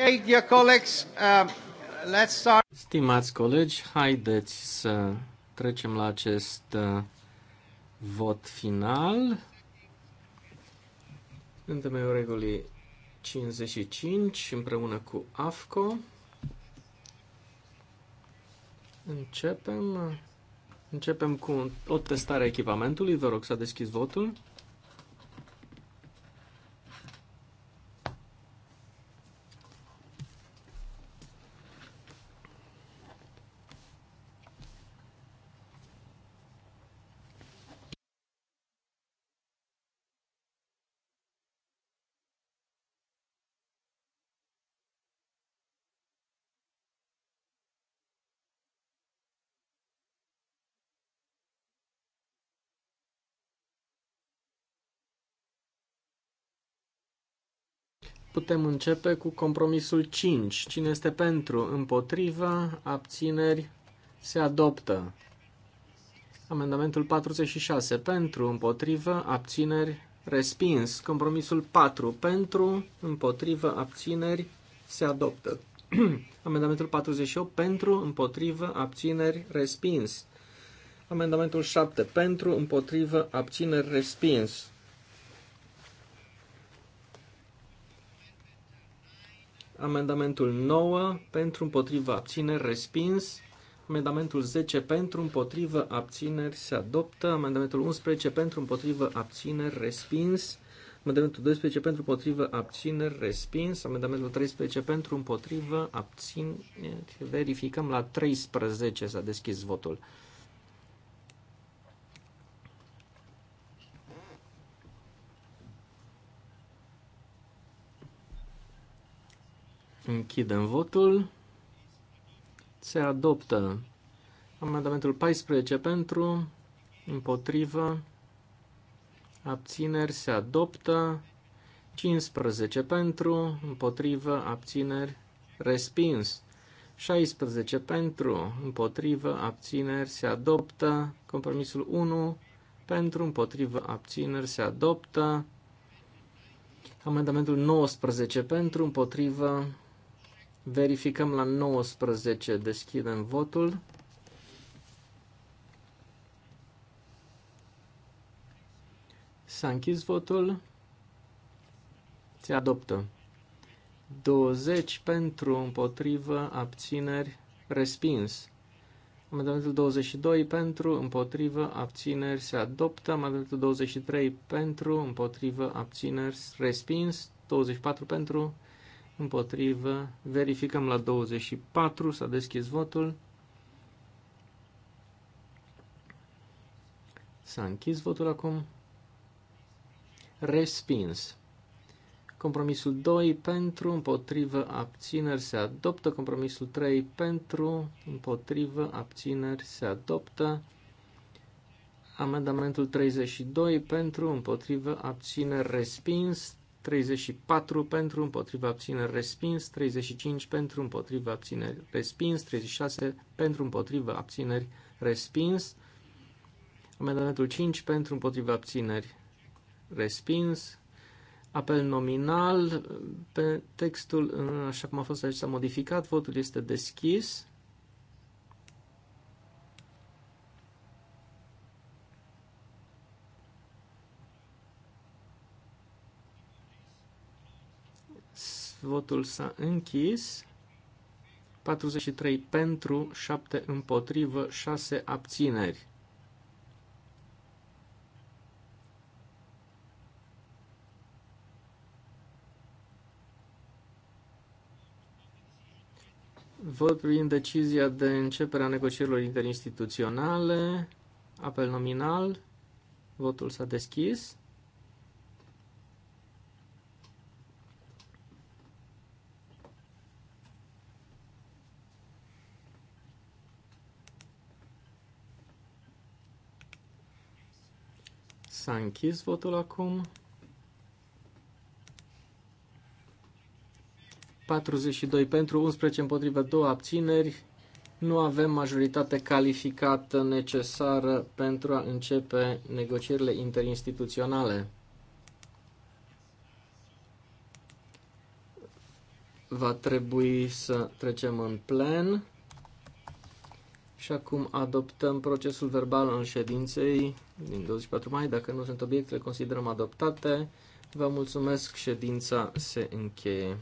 Okay, dear colleagues, uh, let's start. Stimați colegi, haideți să trecem la acest uh, vot final. În temeiul regulii 55, împreună cu AFCO, începem, uh, începem cu o testare a echipamentului. Vă rog să deschizi votul. Putem începe cu compromisul 5. Cine este pentru, împotriva, abțineri, se adoptă. Amendamentul 46. Pentru, împotrivă, abțineri, respins. Compromisul 4. Pentru, împotrivă, abțineri, se adoptă. Amendamentul 48. Pentru, împotrivă, abțineri, respins. Amendamentul 7. Pentru, împotrivă, abțineri, respins. Amendamentul 9 pentru împotriva abțineri respins. Amendamentul 10 pentru împotrivă abțineri se adoptă. Amendamentul 11 pentru împotrivă abțineri respins. Amendamentul 12 pentru împotrivă abțineri respins. Amendamentul 13 pentru împotrivă abțineri. Verificăm la 13 s-a deschis votul. Închidem votul. Se adoptă amendamentul 14 pentru, împotrivă, abțineri, se adoptă 15 pentru, împotrivă, abțineri, respins. 16 pentru, împotrivă, abțineri, se adoptă. Compromisul 1 pentru, împotrivă, abțineri, se adoptă. Amendamentul 19 pentru, împotrivă, Verificăm la 19, deschidem votul. S-a închis votul. Se adoptă. 20 pentru, împotrivă, abțineri, respins. Amendamentul 22 pentru, împotrivă, abțineri, se adoptă. Amendamentul 23 pentru, împotrivă, abțineri, respins. 24 pentru, împotrivă, verificăm la 24, s-a deschis votul, s-a închis votul acum, respins. Compromisul 2 pentru, împotrivă, abțineri se adoptă. Compromisul 3 pentru, împotrivă, abțineri se adoptă. Amendamentul 32 pentru, împotrivă, abțineri respins. 34 pentru, împotriva abțineri respins, 35 pentru, împotriva abțineri respins, 36 pentru, împotriva abțineri respins, amendamentul 5 pentru, împotriva abțineri respins, apel nominal, pe textul, așa cum a fost acesta modificat, votul este deschis. Votul s-a închis. 43 pentru, 7 împotrivă, 6 abțineri. Vot privind decizia de începere a negocierilor interinstituționale, apel nominal, votul s-a deschis. S-a închis votul acum. 42 pentru, 11 împotriva, 2 abțineri. Nu avem majoritate calificată necesară pentru a începe negocierile interinstituționale. Va trebui să trecem în plen. Așa acum adoptăm procesul verbal în ședinței din 24 mai. Dacă nu sunt obiecte, le considerăm adoptate. Vă mulțumesc, ședința se încheie.